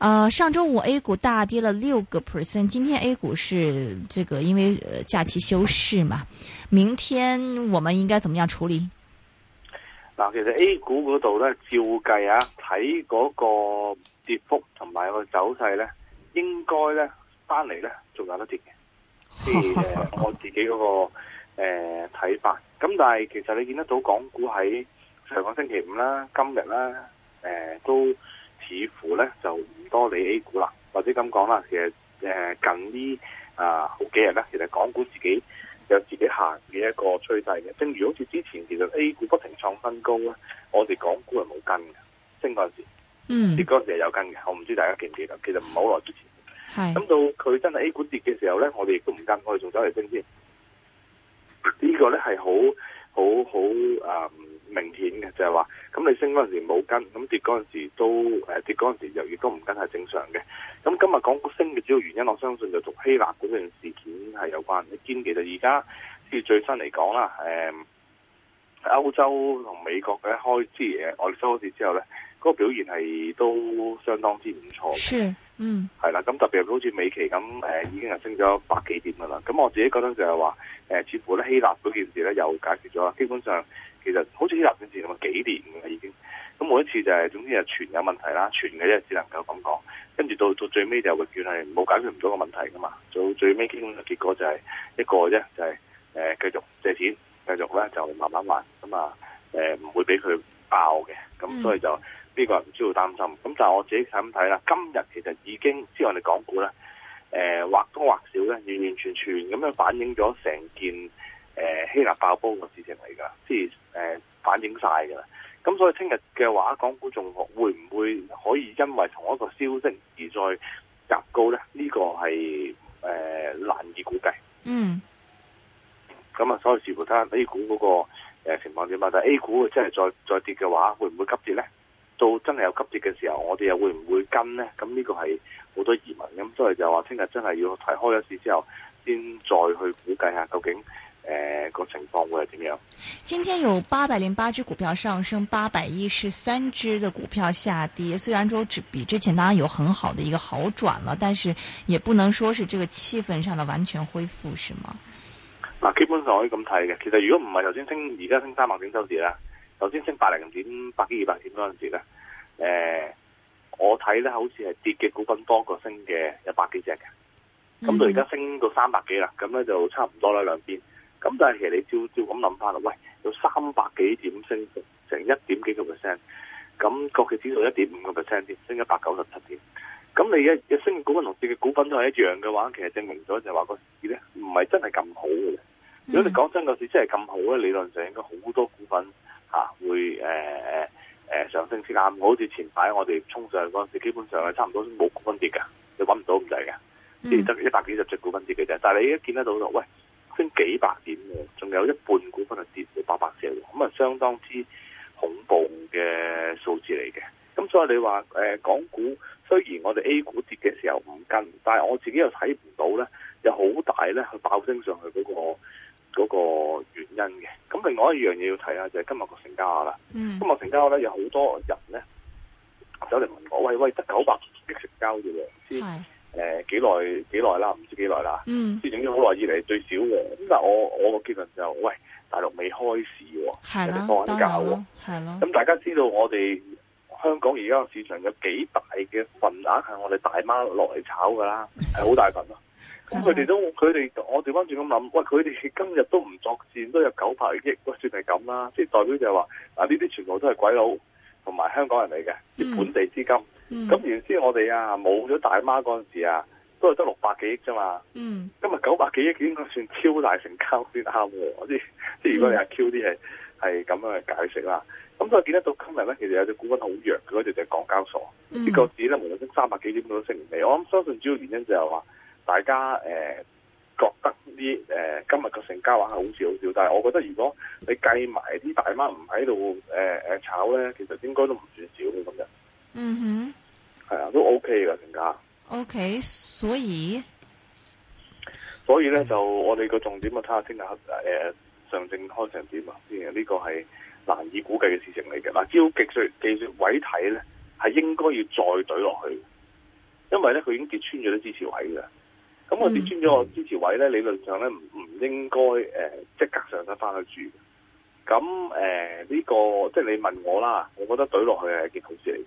呃，上周五 A 股大跌了六個 percent，今天 A 股是這個，因為假期休市嘛，明天我們應該怎麼樣處理？嗱，其實 A 股嗰度咧，照計啊，睇嗰個跌幅同埋個走勢咧，應該咧翻嚟咧仲有得跌嘅、 哎，我自己嗰、嗰個誒睇、呃、法。咁但係其實你見得到港股喺上個星期五啦、今日啦，誒、呃、都。似乎咧就唔多理 A 股啦，或者咁講啦，其實誒、呃、近、呃、呢啊好幾日咧，其實港股自己有自己行嘅一個趨勢嘅。正如好似之前，其實 A 股不停創新高咧，我哋港股係冇跟嘅，升嗰陣時，跌嗰陣時係有跟嘅。我唔知大家記唔記得，其實唔係好耐之前。係，咁到佢真係 A 股跌嘅時候咧，我哋亦都唔跟，我哋仲走嚟升先。這個、呢個咧係好好好啊！明顯嘅就係話，咁你升嗰陣時冇跟，咁跌嗰陣時都、呃、跌嗰陣時就，又亦都唔跟係正常嘅。咁今日港股升嘅主要原因，我相信就同希臘嗰段事件係有關。你見其實而家先最新嚟講啦，誒、嗯、歐洲同美國嘅一開市，我哋收市之後咧，嗰、嗰個表現係都相當之唔錯嘅。嗯，係啦，咁特別好似美期咁、呃、已經係升咗百幾點噶啦。咁我自己覺得就係話、呃，似乎咧希臘嗰件事咧又解決咗，基本上。其實好似呢啲樓市咁啊，幾年噶啦已經，咁每一次就係、是、總之係存有問題啦，存嘅啫，只能夠咁講。跟住到到最尾就叫係冇解決唔到個問題噶嘛，到最尾基本嘅結果就係一個啫，就係、是、誒、呃、繼續借錢，繼續咧就慢慢還咁啊，誒、呃、唔會俾佢爆嘅，咁所以就呢、這個唔需要擔心。咁但係我自己咁睇啦，今日其實已經即係我哋港股咧，誒、呃、或多或少咧，完完全全咁樣反映咗成件。誒、呃，希臘爆煲嘅事情嚟噶，即係誒反映晒噶啦。咁所以聽日嘅話，港股仲會唔會可以因為同一個消息而再急高咧？呢、這個係誒、呃、難以估計。嗯。咁啊，所以視乎睇下 A 股嗰個誒情況點啊。但係 A 股真係再再跌嘅話，會唔會急跌咧？到真係有急跌嘅時候，我哋又會唔會跟咧？咁呢個係好多疑問。咁所以就話聽日真係要睇開咗市之後，先再去估計下究竟，誒、呃，這個情況會係點樣？今天有八百零八隻股票上升，八百一十三隻的股票下跌。雖然說只比之前當然有很好的一個好轉了，但是也不能說是這個氣氛上的完全恢復，是嗎？嗱，基本上可以咁睇嘅。其實如果唔係頭先升，而家升三百點收市啦。頭先升百零點、百幾、二百點嗰陣時咧，誒、呃，我睇咧好似係跌嘅股份多過升嘅一百幾隻嘅。咁到而家升到三百幾啦，咁咧，mm-hmm. 就差唔多啦，兩邊。咁、嗯、但係其實你照照咁諗翻啦，喂，有三百幾點升，成一點幾個 percent，咁國企指數一點五個 percent 添，升一百九十七點。咁你一一升股份同跌嘅股份都係一樣嘅話，其實證明咗就係話個市咧唔係真係咁好嘅。如果你講真個市真係咁好咧，理論上應該好多股份吓、啊、會誒誒、呃呃呃、上升先。啱。好似前排我哋衝上嗰陣時，基本上係差唔多冇股份跌嘅，你搵唔到咁滯嘅，即係得一百幾十隻股份跌嘅啫。但係你一見得到就喂。升幾百點嘅，仲有一半股份係跌到八百隻，咁啊相當之恐怖嘅數字嚟嘅。咁所以你話誒、呃、港股雖然我哋 A 股跌嘅時候唔跟，但係我自己又睇唔到咧，有好大咧去爆升上去嗰、嗰個、嗰個原因嘅。咁另外一樣嘢要睇下，就係、是、今日個成交額啦。Mm -hmm. 今日成交咧有好多人咧，走嚟問我：，喂喂，得九百億成交嘅喎。Mm -hmm. 誒、呃，幾耐幾耐啦？唔知幾耐啦？嗯，即係整咗好耐以嚟最少嘅。咁但係我我個結論就是，喂，大陸未開市喎，喺度放假喎。係咯。咁大家知道我哋香港而家市場有幾大嘅份額係我哋大媽落嚟炒噶啦，係 好大份咯、啊。咁佢哋都佢哋，我調翻轉咁諗，喂，佢哋今日都唔作戰，都有九百億，喂，算係咁啦。即係代表就係話，嗱，呢啲全部都係鬼佬同埋香港人嚟嘅，啲本地資金。嗯咁、嗯、原先我哋啊冇咗大媽嗰陣時啊，都係得六百幾億啫嘛、嗯。今日九百幾億應該算超大成交先啱，即係即係，如果你阿 Q 啲係係咁樣去解釋啦。咁所以見得到今日咧，其實有隻股份好弱嘅嗰隻就係港交所。呢個指咧，無論升三百幾點都升唔嚟。我諗相信主要原因就係、是、話大家誒、呃、覺得呢，誒、呃、今日個成交話係好少好少，但係我覺得如果你計埋啲大媽唔喺度誒誒炒咧，其實應該都唔算少嘅咁樣。嗯哼。係啊，都 OK 噶成家。OK，所以所以咧就我哋個重點啊，睇下聽日誒，上證開成點啊？呢個係難以估計嘅事情嚟嘅。嗱，招技術技術位睇咧，係應該要再懟落去的，因為咧佢已經跌穿咗啲支持位噶。咁我跌穿咗我支持位咧，理論上咧唔唔應該誒、呃、即刻上得翻去住。咁誒呢個即係你問我啦，我覺得懟落去係件好事嚟。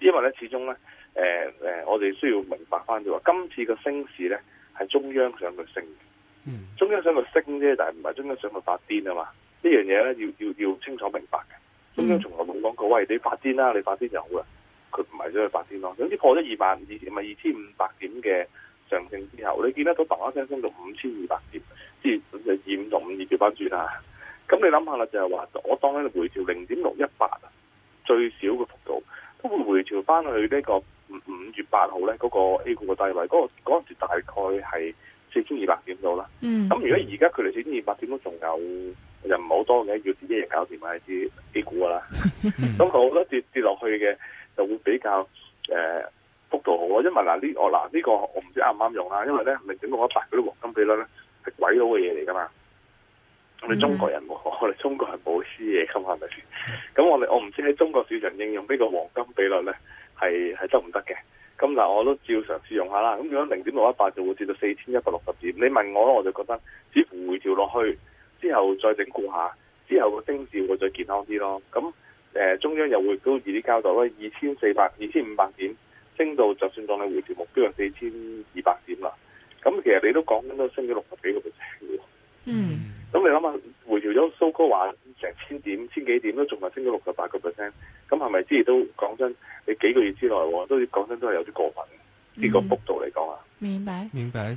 因為咧，始終咧，誒、呃、誒，我哋需要明白翻啲話，今次嘅升市咧係中央想去升嘅，嗯，中央想去升啫，但係唔係中央想去發癲啊嘛，這樣呢樣嘢咧要要要清楚明白嘅，中央從來冇講過喂你發癲啦，你發癲、啊、就好啦，佢唔係想去發癲咯、啊，總之破咗二萬二唔係二千五百點嘅上證之後，你見得到叭叭聲升到五千二百點，即係二五同五二調翻轉啦，咁你諗下啦，就係話我當喺回調零點六一八啊，最少嘅幅度。都會回調翻去個5呢個五月八號咧，嗰、那個 A 股嘅低位，嗰、那個嗰陣時大概係四千二百點到啦。咁如果而家佢離四千二百點都仲有，又唔好多嘅，要自己人搞掂啊啲 A 股啦。咁、嗯、好、那個、多跌跌落去嘅，就會比較誒、呃、幅度好啊。因為嗱呢，我嗱呢個我唔知啱唔啱用啦。因為咧，係咪整到一百嗰啲黃金比率咧，係鬼佬嘅嘢嚟噶嘛。我哋中國人冇，我哋中國人冇輸嘢咁係咪先？咁我哋我唔知喺中國市場應用呢個黃金比率咧，係係得唔得嘅？咁嗱，那我都照常試用下啦。咁如果零點六一八就會跌到四千一百六十點。你問我咯，我就覺得似乎回調落去之後再整固下，之後個升市會再健康啲咯。咁誒、呃，中央又會好易啲交代咯，二千四百、二千五百點升到，就算當你回調目標係四千二百點啦。咁其實你都講緊都升咗六十幾個 percent 嗯。咁你諗下回調咗蘇哥話成千點、千幾點都仲係升咗六十八個 percent，咁係咪之前都講真，你幾個月之內都講真都係有啲過分，呢、嗯、個幅度嚟講啊？明白，明白。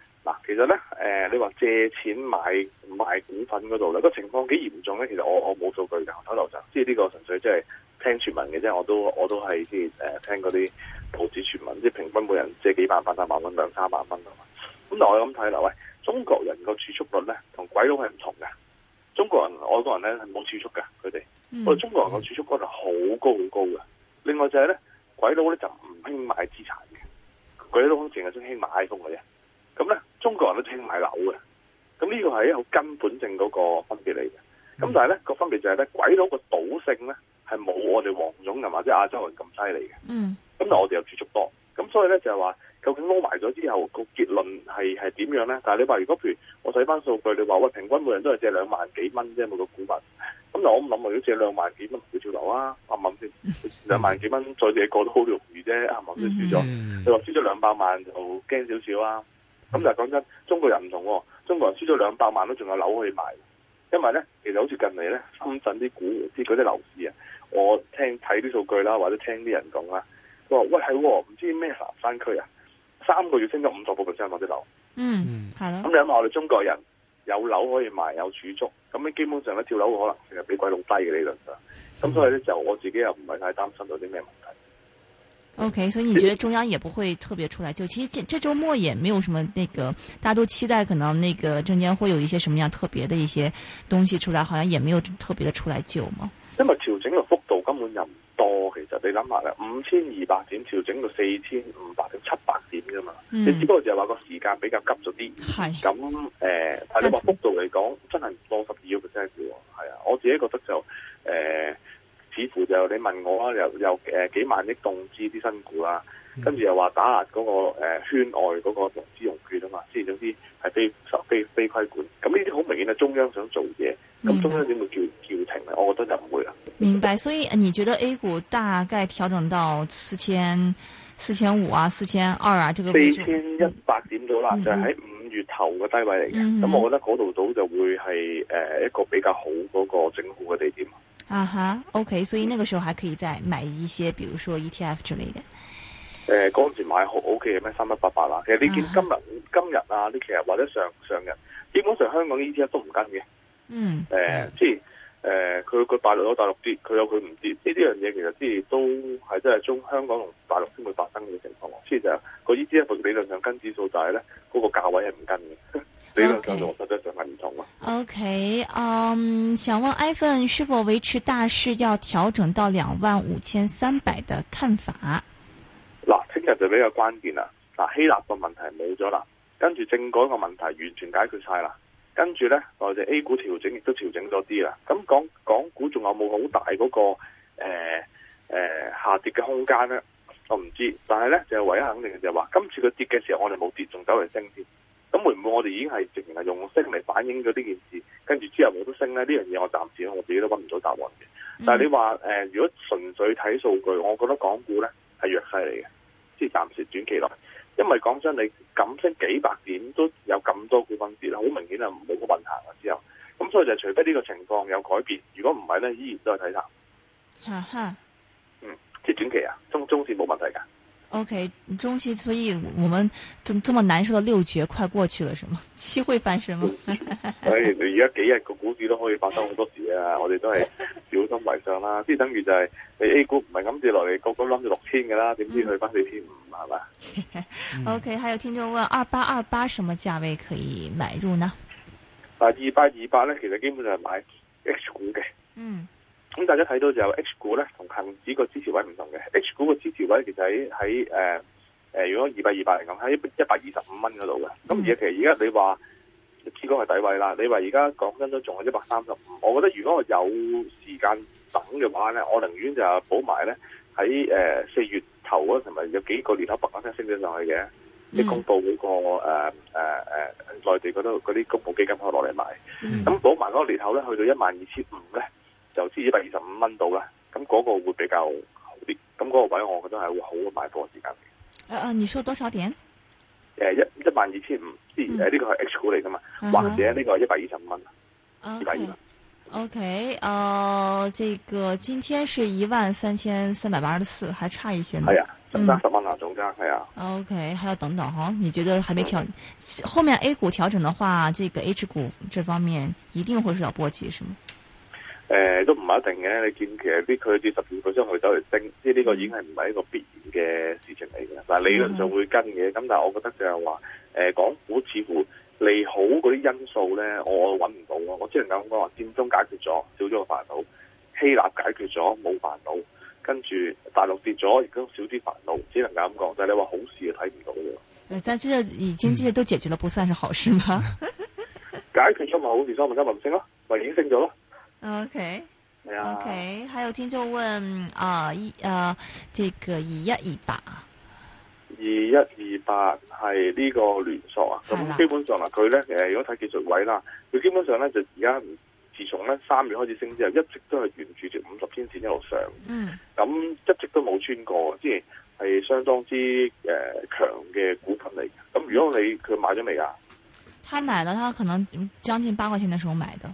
嗱，其實咧，誒、呃，你話借錢買買股份嗰度咧，個情況幾嚴重咧？其實我我冇數據噶，我頭頭就即係呢個純粹即係聽傳聞嘅啫，我都我都係即誒聽嗰啲報紙傳聞，即係平均每人借幾萬、八三萬蚊、兩三萬蚊啊嘛。但我咁睇啦，喂，中國人個儲蓄率咧同鬼佬係唔同嘅，中國人外國人咧係冇儲蓄噶，佢哋我哋中國人嘅儲蓄率好高好高嘅。另外就係咧，鬼佬咧就唔興買資產嘅，鬼佬淨係中興買 iPhone 嘅啫。咁咧，中國人都清埋樓嘅。咁呢個係一個根本性嗰個分別嚟嘅。咁、嗯、但係咧、個分別就係、是、咧，鬼佬個賭性咧係冇我哋黃種人或者亞洲人咁犀利嘅。嗯。咁但我哋又儲蓄多。咁所以咧就係話，究竟撈埋咗之後、個結論係係點樣咧？但係你話如果譬如我睇翻數據，你話喂，平均每人都係借兩萬幾蚊啫每個股民。咁但我唔諗啊，如果借兩萬幾蚊要跳樓啊？諗諗先，兩萬幾蚊再借過都好容易啫。啱啱都輸咗、嗯。你話輸咗兩百萬就驚少少啊？咁就講真，中國人唔同，哦，中國人輸咗兩百萬都仲有樓可以賣。因為咧，其實好似近嚟咧，深圳啲股、啲嗰啲樓市啊，我聽睇啲數據啦，或者聽啲人講啦，佢話喂係唔知咩南山區啊，三個月升咗五十個 percent 嗰啲樓。嗯，係。咁你諗下，我哋中國人有樓可以賣，有儲蓄，咁你基本上咧跳樓嘅可能性係比鬼佬低嘅理論上。咁所以咧，就我自己又唔係太擔心到啲咩。O、okay, K，所以你覺得中央也不會特別出來救？其實這這周末也沒有什麼那個，大家都期待可能那個證監會有一些什麼樣特別的一些東西出來，好像也沒有特別的出來救嘛。因為調整嘅幅度根本又唔多，其實你諗下啦，五千二百點調整到四千五百點七百點啫嘛，你只不過就係話個時間比較急咗啲，咁誒、呃，但係你話幅度嚟講真係唔多，十二個 percent，係啊，我自己覺得就誒。呃似乎就你問我又又誒幾萬億凍資啲新股啦，跟住又話打壓嗰、那個誒、呃、圈外嗰個融資融券啊嘛，即係總之係非受非非，非規管，咁呢啲好明顯係中央想做嘢，咁中央點會叫叫停咧？我覺得就唔會啦。明白，所以你覺得 A 股大概調整到四千四千五啊，四千二啊，呢個位置四千一百點到啦，就喺、是、五月頭嘅低位嚟嘅，咁、嗯嗯、我覺得嗰度到就會係誒、呃、一個比較好嗰個整固嘅地點。啊吓 OK 所以那個時候還可以再買一些，比如說 ETF 之類嘅。誒、呃，嗰陣時買好 OK 嘅咩三一八八啦，其實你見今日、uh -huh. 今日啊，呢其實或者上上日，基本上香港的 ETF 都唔跟嘅。嗯、mm -hmm. 呃。誒，即係誒，佢佢大陸有大陸跌，佢有佢唔跌，呢啲樣嘢其實即係都係真係中香港同大陸先會發生嘅情況。先、啊、就個 ETF 理論上跟指數，就係咧嗰個價位係唔跟嘅。O K，嗯，想問 Ivan 是否維持大市要調整到兩萬五千三百嘅看法？嗱，聽日就比較關鍵啦。嗱，希臘個問題冇咗啦，跟住政改個問題完全解決晒啦。跟住咧，我哋 A 股調整亦都調整咗啲啦。咁講港,港股仲有冇好大嗰、那個誒誒、呃呃、下跌嘅空間咧？我唔知，但係咧就係、是、唯一肯定嘅就係話，今次佢跌嘅時候，我哋冇跌，仲走嚟升添。咁會唔會我哋已經係直情係用升嚟反映咗呢件事？跟住之後冇得升咧？呢樣嘢我暫時我自己都揾唔到答案嘅。但係你話誒、呃，如果純粹睇數據，我覺得港股咧係弱勢嚟嘅，即係暫時短期內，因為講真，你咁升幾百點都有咁多股份跌，好明顯係冇個運行嘅。之後咁，所以就除非呢個情況有改變，如果唔係咧，依然都係睇淡。嗯哼，嗯，即係短期啊，中中綫冇問題噶。OK，中期，所以我們這這麼難受的六絕快過去了，是嗎？七會翻身嗎？哎，你而家幾日個股市都可以發生好多事啊！ 我哋都係小心為上啦。即係等於就係，你 A 股唔係咁跌落嚟，個個諗住六千㗎啦，點知去返四千五，係 嘛？OK，還有聽眾問：二八二八什麼價位可以買入呢？啊，二八二八咧，其實基本上係買 H 股嘅。嗯。咁大家睇到就有 H 股咧同恒指個支持位唔同嘅、mm.，H 股個支持位其實喺喺誒誒，如果二百二百嚟講喺一百二十五蚊嗰度嘅。咁而家其實而家你話，市股係底位啦。你話而家講緊都仲係一百三十五。我覺得如果我有時間等嘅話咧，我寧願就補埋咧喺誒四月頭啊，同埋有幾個年頭百蚊都升咗上去嘅。啲、mm. 公佈嗰、那個誒誒誒內地嗰度嗰啲公募基金可以落嚟買。咁補埋嗰個年頭咧去到一萬二千五咧。就知一百二十五蚊到啦，咁嗰個會比較好啲，咁嗰個位我覺得係會好過買貨時間嘅。誒、啊、誒，你說多少點？誒一一萬二千五，即係誒呢個係 H 股嚟噶嘛？Uh -huh. 或者呢個一百二十五蚊？一百二，OK，哦，okay. Uh, 這個今天是一萬三千三百八十四，還差一些。係啊，十三十蚊啦，仲加係啊。OK，還要等等哈，你覺得還沒調？嗯、後面 A 股調整嘅話，這個 H 股這方面一定會受到波及，是嗎？誒、呃，都唔係一定嘅。你見其實啲佢跌十二個鐘去走嚟升，即係呢個已經係唔係一個必然嘅事情嚟嘅。嗱，理論上會跟嘅，咁但係我覺得就係話，誒、呃，港股似乎利好嗰啲因素咧，我揾唔到我，我只能夠咁講，話佔中解決咗，少咗個煩惱，希臘解決咗，冇煩惱。跟住大陸跌咗，亦都少啲煩惱，只能夠咁講。但係你話好事又睇唔到嘅。但即係呢啲，而前啲都解決了，不算是好事嘛？ 解決咗咪好事，跌三蚊一蚊升咯，咪已經升咗咯。O K，O K，還有聽眾問啊，一啊，這個二一二八，二一二八係呢個聯塑啊，咁基本上嗱，佢咧誒，如果睇技術位啦，佢基本上咧就而家，自從咧三月開始升之後，一直都係沿住住五十天線一路上，嗯，咁一直都冇穿過，之前係相當之誒強嘅股份嚟，咁如果你佢買咗未啊？他買了，他可能將近八塊錢嘅時候買的。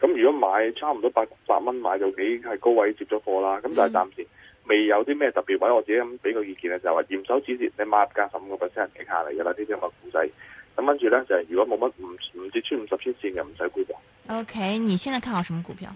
咁如果買差唔多八百蚊買就已經係高位接咗貨啦，咁，嗯嗯，但係暫時未有啲咩特別位，我自己咁俾個意見咧，就係話嚴守指線，你買入價十五個 percent 企下嚟噶啦，呢啲咁嘅股仔。咁跟住咧就係如果冇乜唔唔跌穿五十天線嘅，唔使估望。O K，你現在看好什麼股票？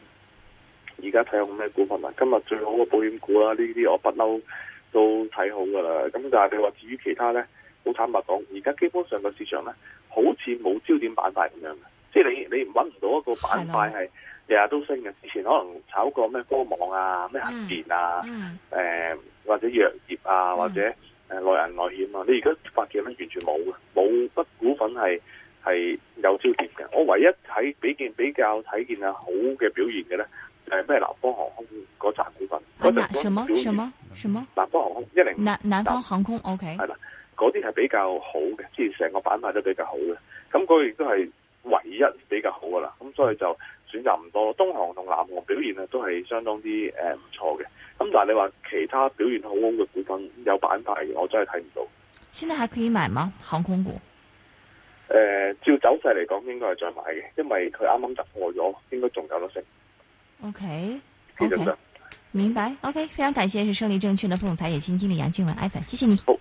而家睇好咩股份啊？今日最好嘅保險股啦，呢啲我不嬲都睇好噶啦。咁但係你話至於其他咧，好坦白講，而家基本上個市場咧，好似冇焦點板塊咁樣。即、就、係、是、你你揾唔到一個板塊係日日都升嘅，之前可能炒過咩科網啊、咩核電啊、誒、嗯嗯呃、或者藥業啊、嗯、或者誒內銀內險啊，你而家發現完全冇嘅，冇乜股份係係有招跌嘅。我唯一睇比見比較睇見啊好嘅表現嘅咧，誒、就、咩、是、南方航空嗰扎股份，啊哪什麼、那個、什麼什麼南105，南？南方航空一零南南方航空 OK 係啦，嗰啲係比較好嘅，即係成個板塊都比較好嘅，咁佢亦都係。唯一比較好噶啦，咁、嗯、所以就選擇唔多。東航同南航表現啊都係相當啲誒唔錯嘅。咁、呃嗯、但係你話其他表現好好嘅股份有板塊，我真係睇唔到。現在還可以買嗎？航空股？誒、呃，照走勢嚟講，應該係再買嘅，因為佢啱啱突破咗，應該仲有得升。OK，OK，、okay, okay, okay, 明白。OK，非常感謝，是勝利證券的副總裁、基金經理楊俊文，Ivan，謝謝你。